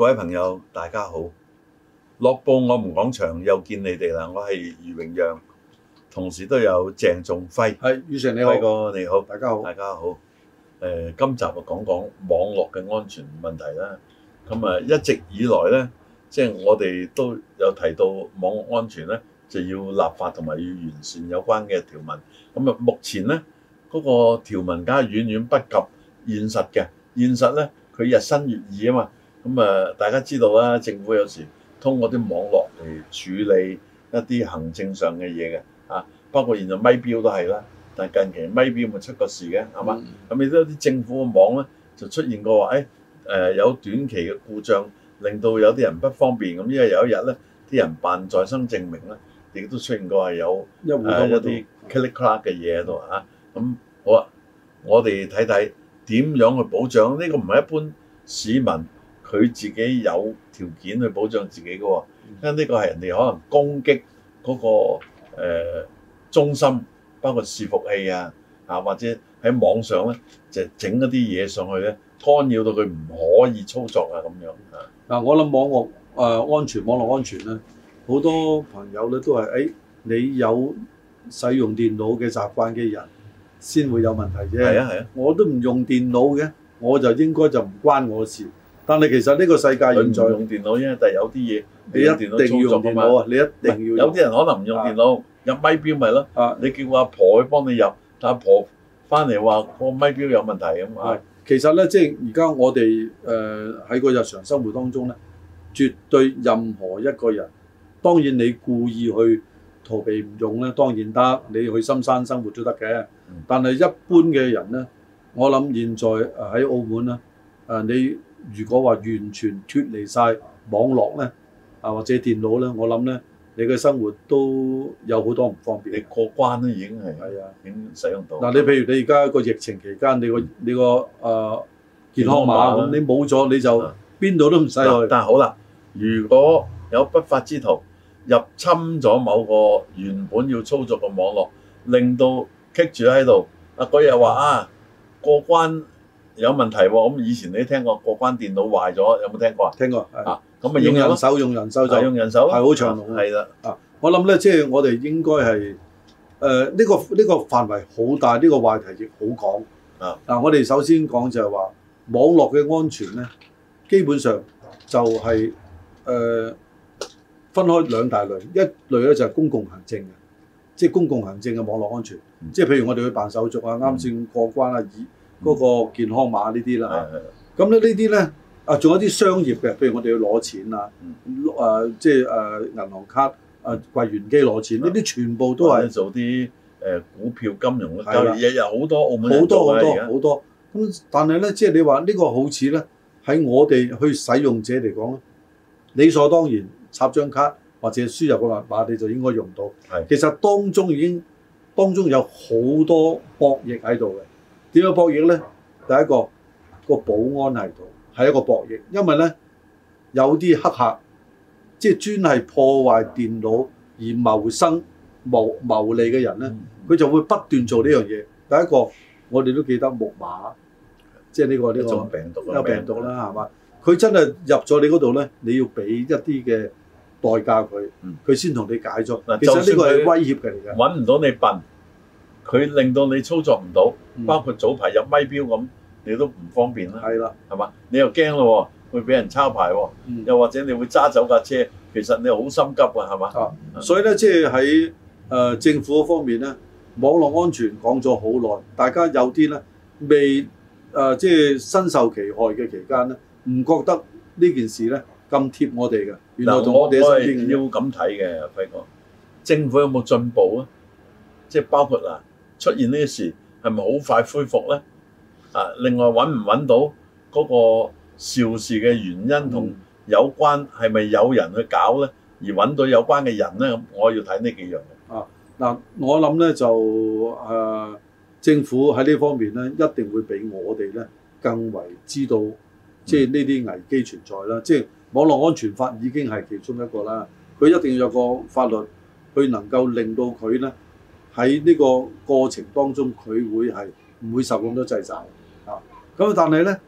各位朋友，大家好！樂報我們講場又見你哋啦。我係余榮陽，同時都有鄭仲輝。係，餘成你好，輝哥你好，大家好，大家好。誒、呃，今集啊，講講網絡嘅安全問題啦。咁啊，一直以來呢，即、就、係、是、我哋都有提到網絡安全呢，就要立法同埋要完善有關嘅條文。咁啊，目前呢，嗰、那個條文梗係遠遠不及現實嘅。現實呢，佢日新月異啊嘛～咁啊！大家知道啦，政府有時通過啲網絡嚟處理一啲行政上嘅嘢嘅啊，包括現在咪錶都係啦。但係近期咪錶咪出過事嘅係嘛？咁亦都有啲政府嘅網咧，就出現過話誒誒有短期嘅故障，令到有啲人不方便。咁因為有一日咧，啲人辦在生證明咧，亦都出現過係有誒一啲 click click 嘅嘢喺度啊。咁好啊，我哋睇睇點樣去保障呢個唔係一般市民。佢自己有條件去保障自己嘅喎、哦，因為呢個係人哋可能攻擊嗰、那個誒、呃、中心，包括伺服器啊，啊或者喺網上咧就整一啲嘢上去咧，干擾到佢唔可以操作啊咁樣啊。嗱，我諗網絡誒、呃、安全，網絡安全咧，好多朋友咧都係誒、哎、你有使用電腦嘅習慣嘅人先會有問題啫。係啊係啊，啊我都唔用電腦嘅，我就應該就唔關我事。但係其實呢個世界現在用電腦，因為但係有啲嘢你一定要用電腦啊，你一定，要你一定要有啲人可能唔用電腦，啊、入咪表咪咯。啊、你叫阿婆、婆去幫你入，但阿婆翻嚟話個咪表有問題咁啊。其實咧，即係而家我哋誒喺個日常生活當中咧，絕對任何一個人，當然你故意去逃避唔用咧，當然得，你去深山生活都得嘅。但係一般嘅人咧，我諗現在誒喺澳門咧誒、呃、你。如果話完全脫離曬網絡咧，啊或者電腦咧，我諗咧你嘅生活都有好多唔方便，你過關都已經係係啊，已經使用到。嗱，你譬如你而家個疫情期間，你個你個誒健康碼咁，你冇咗你就邊度都唔使去。但係好啦，如果有不法之徒入侵咗某個原本要操作嘅網絡，令到棘住喺度，啊嗰日話啊過關。有問題喎，咁以前你聽過過關電腦壞咗，有冇聽過啊？聽過，聽過啊。咁啊用人手，用人手就係、啊、用人手，係好長龍。係啦、啊，啊，我諗咧，即、就、係、是、我哋應該係誒呢個呢、這個範圍好大，呢、這個話題亦好廣。啊，嗱、啊，我哋首先講就係話網絡嘅安全咧，基本上就係、是、誒、呃、分開兩大類，一類咧就係公共行政嘅，即、就、係、是、公共行政嘅網絡安全，即係、嗯、譬如我哋去辦手續啊，啱先過關啊，嗯、以嗰個健康碼呢啲啦，咁咧呢啲咧啊，仲有啲商業嘅，譬如我哋要攞錢、嗯、啊，誒即係誒銀行卡、誒櫃員機攞錢，呢啲的全部都係做啲誒、呃、股票金融嘅。又有好多澳門人做而家好多，好多。咁在但係咧，即係你話呢個好似咧，喺我哋去使用者嚟講咧，理所當然插張卡或者輸入個密碼，你就應該用到。是的 其實當中已經當中有好多博弈喺度嘅。點樣博弈咧？第一個個保安係度，係一個博弈，因為咧有啲黑客即係專係破壞電腦而謀生謀謀利嘅人咧，佢就會不斷做呢樣嘢。嗯、第一個我哋都記得木馬，即係呢個呢個有病毒啦，係嘛？佢真係入咗你嗰度咧，你要俾一啲嘅代價佢，佢先同你解咗。嗯、其實呢個係威脅嘅嚟嘅，搵唔到你笨。佢令到你操作唔到，包括早排有咪錶咁，嗯、你都唔方便啦。係啦的，係嘛？你又驚咯，會俾人抄牌喎，嗯、又或者你會揸走架車，其實你好心急嘅，係嘛、啊？所以咧，即係喺誒政府嗰方面咧，網絡安全講咗好耐，大家有啲咧未誒，即、呃、係、就是、身受其害嘅期間咧，唔覺得呢件事咧咁貼我哋嘅。嗱、呃，我我係要咁睇嘅，輝哥，政府有冇進步啊？即係包括嗱。出現呢啲事係咪好快恢復呢？啊，另外揾唔揾到嗰個肇事嘅原因同有關係咪有人去搞呢？而揾到有關嘅人呢，咁我要睇呢幾樣啊，嗱，我諗呢，就誒、啊，政府喺呢方面呢，一定會比我哋呢，更為知道，即係呢啲危機存在啦。嗯、即係網絡安全法已經係其中一個啦，佢一定要有個法律去能夠令到佢呢。喺呢個過程當中，佢會係唔會受咁多掣肘啊？咁但係咧，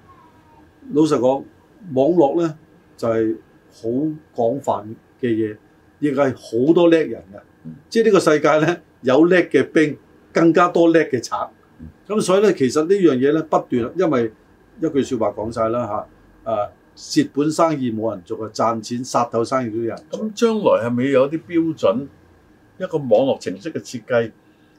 老實講，網絡咧就係、是、好廣泛嘅嘢，亦係好多叻人嘅。即係呢個世界咧，有叻嘅兵，更加多叻嘅賊。咁所以咧，其實呢樣嘢咧不斷，因為一句説話講晒啦嚇。誒、啊，蝕本生意冇人做啊，賺錢殺頭生意都有人做。咁將來係咪有啲標準？一個網絡程式嘅設計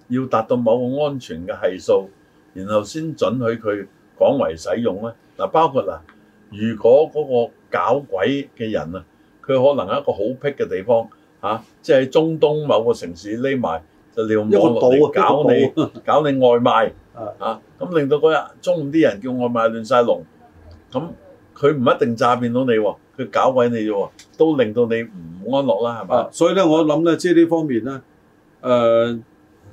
要達到某個安全嘅係數，然後先准許佢廣為使用咧。嗱，包括嗱，如果嗰個搞鬼嘅人啊，佢可能喺一個好僻嘅地方嚇，即係喺中東某個城市匿埋，就利用網絡嚟搞你，搞你外賣嚇，咁令到嗰日中午啲人叫外賣亂曬龍，咁佢唔一定詐騙到你喎。佢搞鬼你啫喎，都令到你唔安樂啦，係嘛？啊！所以咧，我諗咧，即係呢方面咧，誒、呃，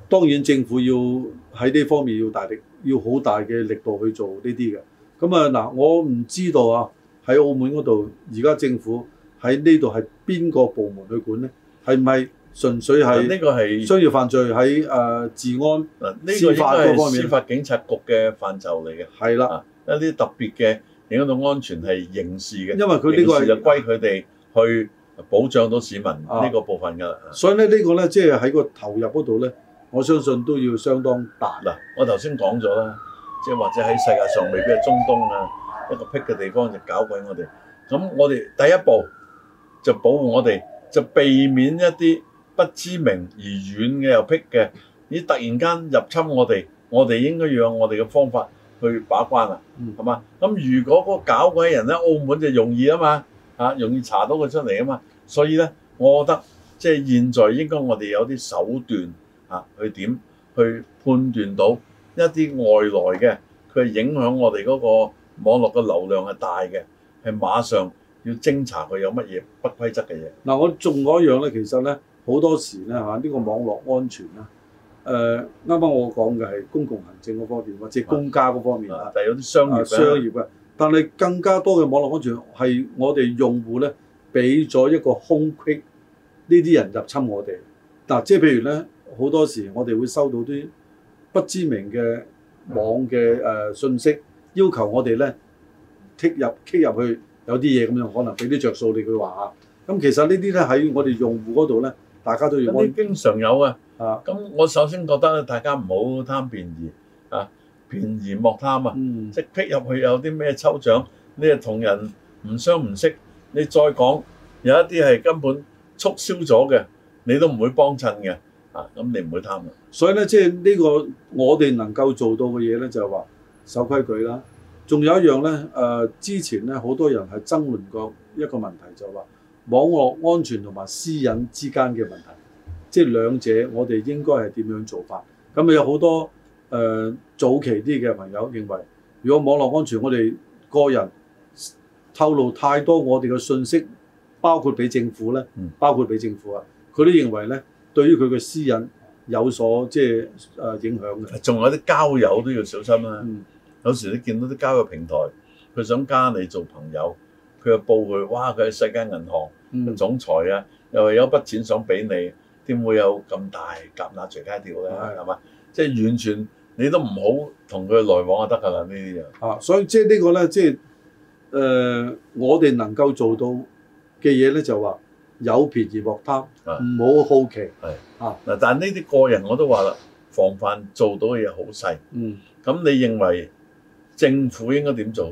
當然政府要喺呢方面要大力，要好大嘅力度去做呢啲嘅。咁、嗯、啊，嗱，我唔知道啊，喺澳門嗰度而家政府喺呢度係邊個部門去管咧？係唔係純粹係呢個係商業犯罪喺誒、呃、治安？嗱，呢個方面，司法警察局嘅範疇嚟嘅。係啦的、啊，一啲特別嘅。影響到安全係刑事嘅，因為佢呢個是就歸佢哋去保障到市民呢個部分㗎啦、啊。所以咧，呢個咧即係喺個投入嗰度咧，我相信都要相當大啦、啊。我頭先講咗啦，即係或者喺世界上未必係中東啊，一個僻嘅地方就搞鬼我哋。咁我哋第一步就保護我哋，就避免一啲不知名而遠嘅又僻嘅，你突然間入侵我哋，我哋應該要有我哋嘅方法。去把關啊，係嘛？咁如果嗰個搞鬼人咧，澳門就容易啊嘛，嚇、啊、容易查到佢出嚟啊嘛。所以咧，我覺得即係、就是、現在應該我哋有啲手段嚇、啊、去點去判斷到一啲外來嘅佢影響我哋嗰個網絡嘅流量係大嘅，係馬上要偵查佢有乜嘢不規則嘅嘢。嗱，我仲一樣咧，其實咧好多時咧嚇呢、啊呢個網絡安全咧。誒啱啱我講嘅係公共行政嗰方面，或者公家嗰方面的啊，係有啲商業、啊、商業嘅。但係更加多嘅網絡安全係我哋用戶咧，俾咗一個空隙，呢啲人入侵我哋。嗱、啊，即係譬如咧，好多時我哋會收到啲不知名嘅網嘅誒的、呃、信息，要求我哋咧踢入、踢入去，有啲嘢咁樣，可能俾啲着數你佢話嚇。咁其實這些呢啲咧喺我哋用戶嗰度咧，大家都用，我經常有啊。啊！咁我首先覺得咧，大家唔好貪便宜啊，便宜莫貪啊！嗯、即係入去有啲咩抽獎，你係同人唔相唔識，你再講有一啲係根本促銷咗嘅，你都唔會幫襯嘅啊！咁你唔會貪嘅、啊。所以咧，即係呢個我哋能夠做到嘅嘢咧，就係話守規矩啦。仲有一樣呢，誒、呃、之前呢，好多人係爭論過一個問題，就係話網絡安全同埋私隱之間嘅問題。即係兩者，我哋應該係點樣做法？咁有好多、呃、早期啲嘅朋友認為，如果網絡安全，我哋個人透露太多我哋嘅信息，包括俾政府呢，嗯、包括俾政府啊，佢都認為呢對於佢嘅私隱有所即係、呃、影響嘅。仲有啲交友都要小心啦、啊。嗯、有時你見到啲交友平台，佢想加你做朋友，佢又報佢，哇！佢係世界銀行總、嗯、總裁啊，又話有一筆錢想俾你。點會有咁大蛤乸隨街跳嘅係嘛？即係是、就是、完全你都唔好同佢來往就得㗎啦！呢啲就啊，所以即係呢個咧，即係誒，我哋能夠做到嘅嘢咧，就話有便宜莫貪，唔好是好奇係啊。嗱是，是但呢啲個人我都話啦，防範做到嘅嘢好細。嗯，咁你認為政府應該點做？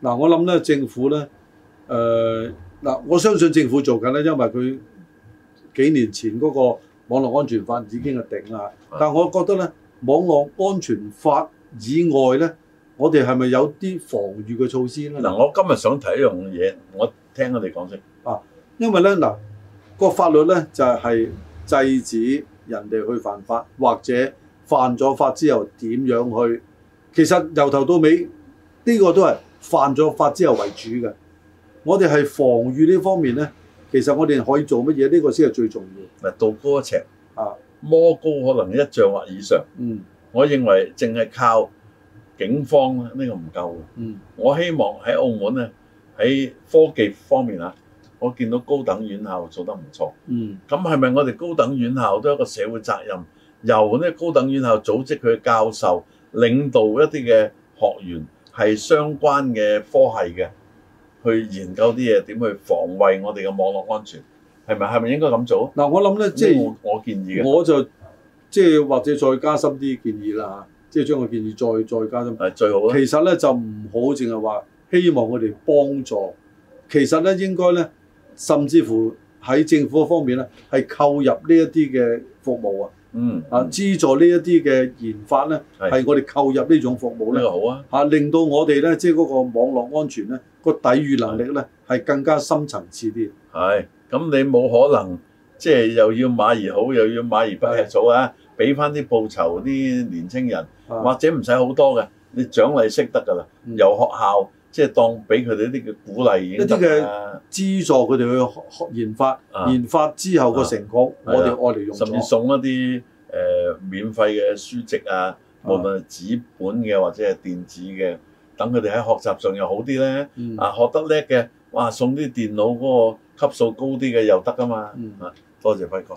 嗱、嗯，我諗咧，政府咧誒嗱，我相信政府做緊咧，因為佢。幾年前嗰個網絡安全法已經係定啦，是的 但我覺得呢，網絡安全法以外呢，我哋係咪有啲防禦嘅措施呢？嗱，我今日想提一樣嘢，我聽佢哋講先。啊，因為呢嗱，個法律呢，就係、是、制止人哋去犯法，或者犯咗法之後點樣去。其實由頭到尾，呢、這個都係犯咗法之後為主嘅。我哋係防禦呢方面呢。其實我哋可以做乜嘢？呢個先係最重要的。嗱，道高一尺啊，魔高可能一丈或以上。嗯，我認為淨係靠警方呢個唔夠。嗯，我希望喺澳門咧，喺科技方面啊，我見到高等院校做得唔錯。嗯，咁係咪我哋高等院校都有一個社會責任？由呢高等院校組織佢嘅教授領導一啲嘅學員係相關嘅科系嘅？去研究啲嘢，點去防衛我哋嘅網絡安全，係咪，係咪應該咁做？嗱，啊，我諗咧，即係我建議嘅，我就即係或者再加深啲建議啦嚇，即係將個建議再再加深，最好啦。其實咧就唔好淨係話希望我哋幫助，其實咧應該咧，甚至乎喺政府方面咧，係扣入呢一啲嘅服務啊。嗯，啊、嗯，資助呢一啲嘅研發咧，係是我哋購入呢種服務咧，好啊，令到我哋咧，即係嗰個網絡安全咧，個抵禦能力咧，係是更加深層次啲。咁你冇可能，即係又要馬兒好，又要馬兒不吃草啊！俾翻啲報酬啲年青人，是或者唔使好多嘅，你獎勵識得㗎啦，由學校。即係當俾佢哋一啲嘅鼓勵，一啲嘅資助佢哋去學研發，啊、研發之後個成果我哋愛嚟用，用的。甚至送一啲誒、呃、免費嘅書籍啊，無論係紙本嘅、啊、或者係電子嘅，等佢哋喺學習上又好啲咧。嗯、啊，學得叻嘅，哇，送啲電腦嗰個級數高啲嘅又得啊嘛。嗯、啊，多謝輝哥。